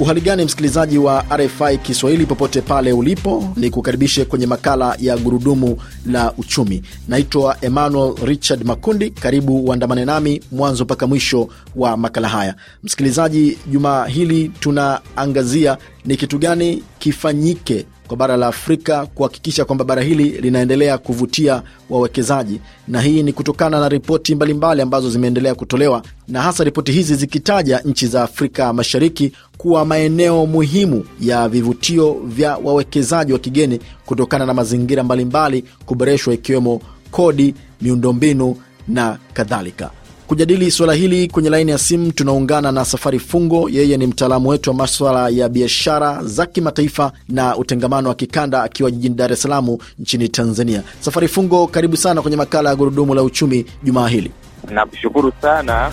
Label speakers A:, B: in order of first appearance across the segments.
A: Uhali gani msikilizaji wa RFI Kiswahili popote pale ulipo, ni kukaribishe kwenye makala ya gurudumu la uchumi. Naitwa Emmanuel Richard Makundi. Karibu uandamane nami mwanzo mpaka mwisho wa makala haya. Msikilizaji, jumaa hili tunaangazia ni kitu gani kifanyike kwa bara la Afrika kuhakikisha kwamba bara hili linaendelea kuvutia wawekezaji, na hii ni kutokana na ripoti mbalimbali ambazo zimeendelea kutolewa, na hasa ripoti hizi zikitaja nchi za Afrika Mashariki kuwa maeneo muhimu ya vivutio vya wawekezaji wa kigeni kutokana na mazingira mbalimbali kuboreshwa, ikiwemo kodi, miundombinu na kadhalika. Kujadili suala hili kwenye laini ya simu tunaungana na Safari Fungo. Yeye ni mtaalamu wetu wa maswala ya biashara za kimataifa na utengamano wa kikanda, akiwa jijini Dar es Salaam nchini Tanzania. Safari Fungo, karibu sana kwenye makala ya Gurudumu la Uchumi jumaa hili.
B: Nakushukuru sana. A,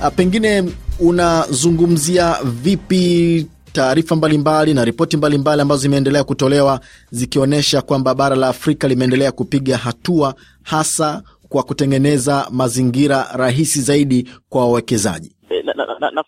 A: ah, pengine unazungumzia vipi taarifa mbalimbali na ripoti mbalimbali ambazo zimeendelea kutolewa zikionyesha kwamba bara la Afrika limeendelea kupiga hatua hasa kwa kutengeneza mazingira rahisi zaidi kwa wawekezaji?
B: E, na, na, na, na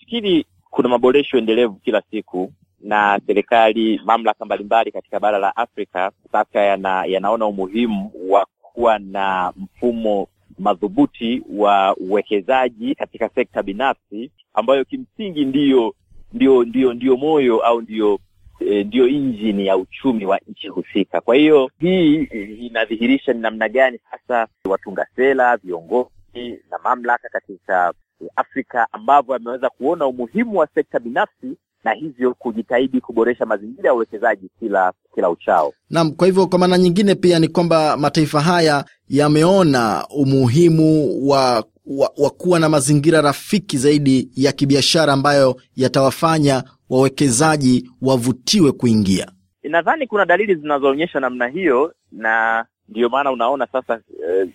B: kuna maboresho endelevu kila siku na serikali, mamlaka mbalimbali katika bara la Afrika sasa yana, yanaona umuhimu wa kuwa na mfumo madhubuti wa uwekezaji katika sekta binafsi ambayo kimsingi ndiyo ndio ndio ndio moyo au ndio ndiyo eh, ndio injini ya uchumi wa nchi husika. Kwa hiyo hii eh, inadhihirisha ni namna gani hasa watunga sera, viongozi na mamlaka katika eh, Afrika ambavyo wameweza kuona umuhimu wa sekta binafsi na hivyo kujitahidi kuboresha mazingira ya uwekezaji kila kila uchao.
A: Naam, kwa hivyo kwa maana nyingine pia ni kwamba mataifa haya yameona umuhimu wa wa, wa kuwa na mazingira rafiki zaidi ya kibiashara ambayo yatawafanya wawekezaji wavutiwe kuingia.
B: Nadhani kuna dalili zinazoonyesha namna hiyo, na ndiyo maana unaona sasa e,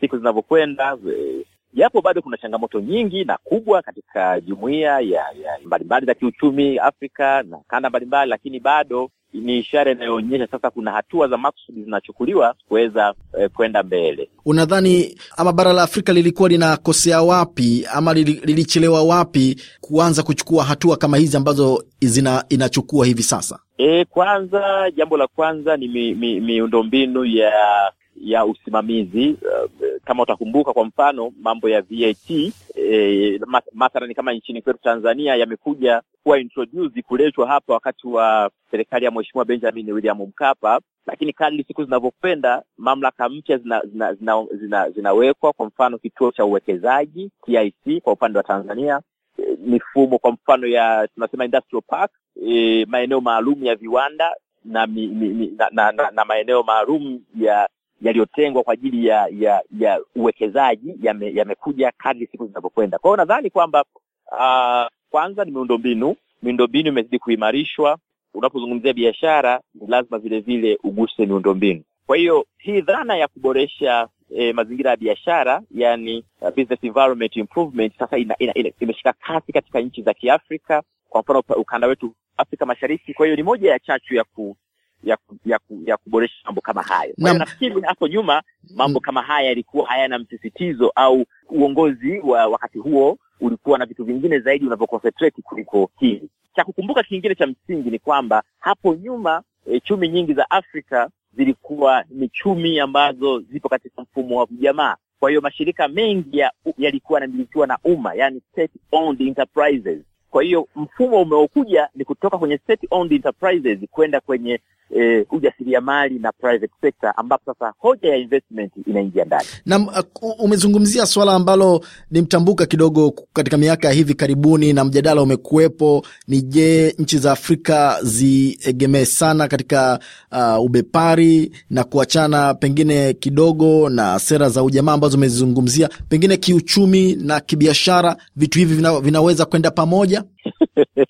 B: siku zinavyokwenda e, japo bado kuna changamoto nyingi na kubwa katika jumuiya ya, ya mbalimbali za kiuchumi Afrika na kanda mbalimbali, lakini bado ni ishara inayoonyesha sasa kuna hatua za maksudi zinachukuliwa kuweza eh, kwenda mbele.
A: Unadhani ama bara la Afrika lilikuwa linakosea wapi ama lilichelewa wapi kuanza kuchukua hatua kama hizi ambazo zina, inachukua hivi sasa?
B: E, kwanza jambo la kwanza ni mi, mi, ya ya usimamizi uh, kama utakumbuka kwa mfano mambo ya VAT eh, e, mathalani kama nchini kwetu Tanzania yamekuja kuwa introduce kuletwa hapa wakati wa serikali ya Mheshimiwa Benjamin William Mkapa, lakini kadri siku zinavyokwenda mamlaka mpya zinawekwa zina, zina, zina, zina kwa mfano kituo cha uwekezaji TIC kwa upande wa Tanzania e, mifumo kwa mfano ya tunasema industrial park e, maeneo maalum ya viwanda na, mi, mi, na, na, na, na maeneo maalum ya yaliyotengwa kwa ajili ya ya ya uwekezaji yamekuja ya kadri siku zinavyokwenda. Kwa hiyo nadhani kwamba uh, kwanza ni miundombinu, miundombinu imezidi kuimarishwa. Unapozungumzia biashara, ni lazima vile vile uguse miundombinu. Kwa hiyo hii dhana ya kuboresha E, mazingira ya biashara yani, uh, business environment improvement sasa ina, ina, ina, imeshika kasi katika nchi za Kiafrika, kwa mfano ukanda wetu Afrika Mashariki. Kwa hiyo ni moja ya chachu ya ku, ya, ya, ya kuboresha mambo kama hayo. Kwa nafikiri hapo nyuma mambo mm. kama haya yalikuwa hayana msisitizo, au uongozi wa wakati huo ulikuwa na vitu vingine zaidi unavyoconcentrate kuliko hili. Cha kukumbuka kingine cha msingi ni kwamba hapo nyuma e, chumi nyingi za Afrika zilikuwa ni chumi ambazo zipo katika mfumo wa ujamaa. Kwa hiyo mashirika mengi yalikuwa ya yanamilikiwa na umma, yani state owned enterprises. Kwa hiyo mfumo umeokuja ni kutoka kwenye state owned enterprises kwenda kwenye E, ujasiriamali na private sector ambapo sasa hoja ya investment inaingia ndani.
A: Na uh, umezungumzia swala ambalo ni mtambuka kidogo katika miaka hivi karibuni, na mjadala umekuwepo ni je, nchi za Afrika ziegemee sana katika uh, ubepari na kuachana pengine kidogo na sera za ujamaa ambazo umezizungumzia, pengine kiuchumi na kibiashara, vitu hivi vina, vinaweza kwenda pamoja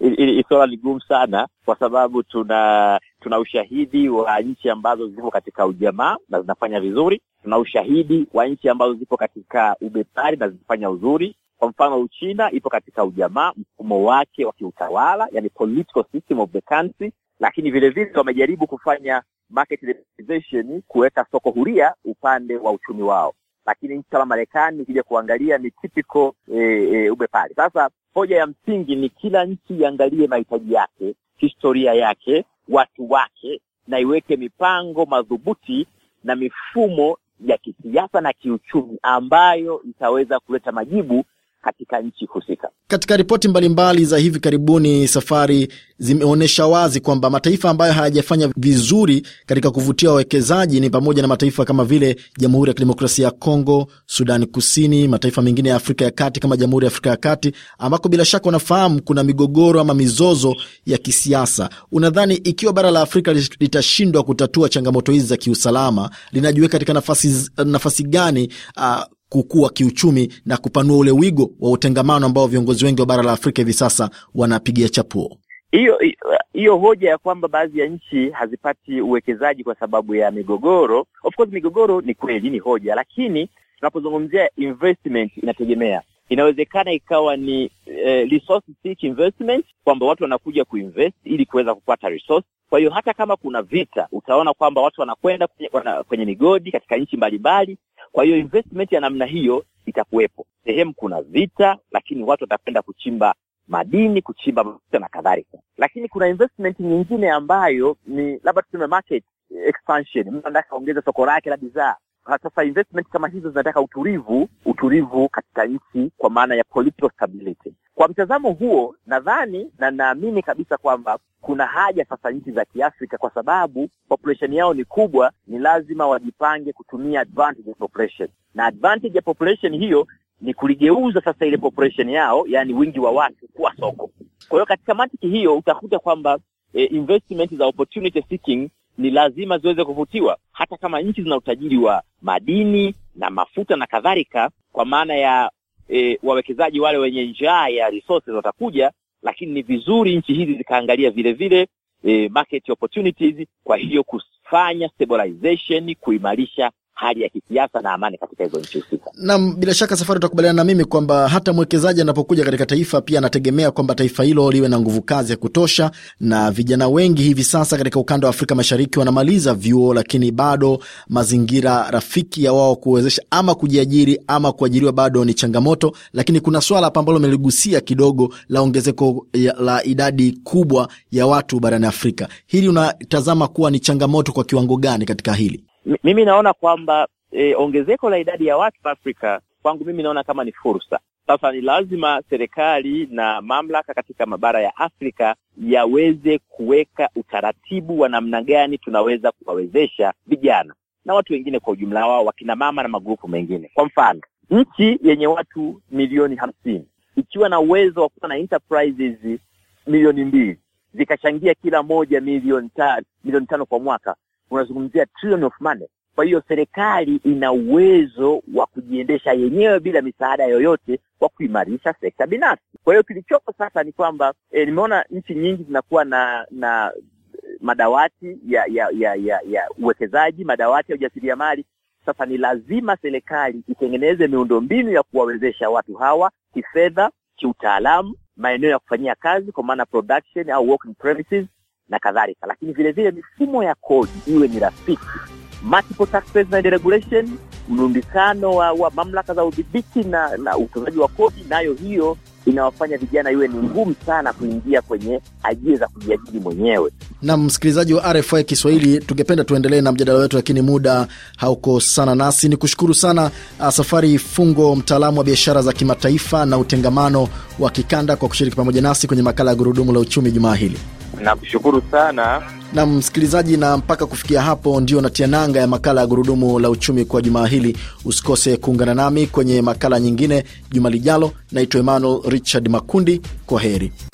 B: ili swala ni gumu sana, kwa sababu tuna tuna ushahidi wa nchi ambazo zipo katika ujamaa na zinafanya vizuri. Tuna ushahidi wa nchi ambazo zipo katika ubepari na zinafanya uzuri. Kwa mfano, Uchina ipo katika ujamaa, mfumo wake wa kiutawala, yani political system of the country, lakini vilevile wamejaribu kufanya market liberalization, kuweka soko huria upande wa uchumi wao lakini nchi kama Marekani ikija kuangalia ni typical e, e, ubepari. Sasa hoja ya msingi ni kila nchi iangalie mahitaji yake, historia yake, watu wake, na iweke mipango madhubuti na mifumo ya kisiasa na kiuchumi ambayo itaweza kuleta majibu katika
A: nchi husika. Katika ripoti mbalimbali za hivi karibuni, Safari zimeonyesha wazi kwamba mataifa ambayo hayajafanya vizuri katika kuvutia wawekezaji ni pamoja na mataifa kama vile Jamhuri ya Kidemokrasia ya Kongo, Sudani Kusini, mataifa mengine ya Afrika ya Kati kama Jamhuri ya Afrika ya Kati, ambako bila shaka unafahamu kuna migogoro ama mizozo ya kisiasa. Unadhani ikiwa bara la Afrika litashindwa kutatua changamoto hizi za kiusalama, linajiweka katika nafasi, nafasi gani uh, kukua kiuchumi na kupanua ule wigo wa utengamano ambao viongozi wengi wa bara la Afrika hivi sasa wanapigia chapuo.
B: Hiyo hiyo hoja ya kwamba baadhi ya nchi hazipati uwekezaji kwa sababu ya migogoro, of course migogoro ni kweli, ni hoja, lakini tunapozungumzia investment inategemea inawezekana ikawa ni eh, resource seek investment kwamba watu wanakuja kuinvest ili kuweza kupata resource. Kwa hiyo hata kama kuna vita, utaona kwamba watu wanakwenda kwenye, kwenye migodi katika nchi mbalimbali kwa hiyo investment ya namna hiyo itakuwepo sehemu, kuna vita, lakini watu watapenda kuchimba madini, kuchimba mafuta na kadhalika. Lakini kuna investment nyingine ambayo ni labda tuseme market expansion, mtu anataka kuongeza soko lake la bidhaa. Sasa investment kama hizo zinataka utulivu, utulivu katika nchi, kwa maana ya political stability. Kwa mtazamo huo, nadhani na naamini kabisa kwamba kuna haja sasa nchi za Kiafrika, kwa sababu population yao ni kubwa, ni lazima wajipange kutumia advantage ya population, na advantage ya population hiyo ni kuligeuza sasa ile population yao, yaani wingi wa watu kuwa soko. Kwa hiyo katika mantiki hiyo utakuta kwamba e, investment za opportunity seeking ni lazima ziweze kuvutiwa, hata kama nchi zina utajiri wa madini na mafuta na kadhalika, kwa maana ya e, wawekezaji wale wenye njaa ya resources watakuja, lakini ni vizuri nchi hizi zikaangalia vile vile e, market opportunities. Kwa hiyo kufanya stabilization, kuimarisha hali ya kisiasa na amani katika hizo nchi husika.
A: Naam, bila shaka Safari, utakubaliana na mimi kwamba hata mwekezaji anapokuja katika taifa pia anategemea kwamba taifa hilo liwe na nguvu kazi ya kutosha, na vijana wengi hivi sasa katika ukanda wa Afrika Mashariki wanamaliza vyuo, lakini bado mazingira rafiki ya wao kuwezesha ama kujiajiri ama kuajiriwa bado ni changamoto. Lakini kuna swala hapa ambalo umeligusia kidogo la ongezeko la idadi kubwa ya watu barani Afrika, hili unatazama kuwa ni changamoto kwa kiwango gani katika hili?
B: mimi naona kwamba e, ongezeko la idadi ya watu Afrika kwangu mimi naona kama ni fursa. Sasa ni lazima serikali na mamlaka katika mabara ya Afrika yaweze kuweka utaratibu wa namna gani tunaweza kuwawezesha vijana na watu wengine kwa ujumla wao, wakina mama na magrupu mengine. Kwa mfano, nchi yenye watu milioni hamsini ikiwa na uwezo wa kuwa na enterprises milioni mbili zikachangia kila moja milioni milioni tano kwa mwaka, unazungumzia trillion of money. Kwa hiyo serikali ina uwezo wa kujiendesha yenyewe bila misaada yoyote kwa kuimarisha sekta binafsi. Kwa hiyo kilichopo sasa ni kwamba e, nimeona nchi nyingi zinakuwa na na eh, madawati ya ya ya ya, ya uwekezaji, madawati ya ujasiriamali. Sasa ni lazima serikali itengeneze miundombinu ya kuwawezesha watu hawa kifedha, kiutaalamu, maeneo ya kufanyia kazi, kwa maana production au working premises na kadhalika, lakini vilevile mifumo ya kodi iwe ni rafiki. Multiple tax and regulation, mrundikano wa, wa mamlaka za udhibiti na, na utozaji wa kodi, nayo hiyo inawafanya vijana iwe ni ngumu sana kuingia kwenye ajira za kujiajiri mwenyewe.
A: Na msikilizaji wa RFI Kiswahili, tungependa tuendelee na mjadala wetu, lakini muda hauko sana nasi. Ni kushukuru sana uh, Safari Fungo, mtaalamu wa biashara za kimataifa na utengamano wa kikanda, kwa kushiriki pamoja nasi kwenye makala ya Gurudumu la Uchumi jumaa hili.
B: Nakushukuru sana
A: na msikilizaji, na mpaka kufikia hapo ndio natia nanga ya makala ya gurudumu la uchumi kwa jumaa hili. Usikose kuungana nami kwenye makala nyingine juma lijalo. Naitwa Emmanuel Richard Makundi, kwa heri.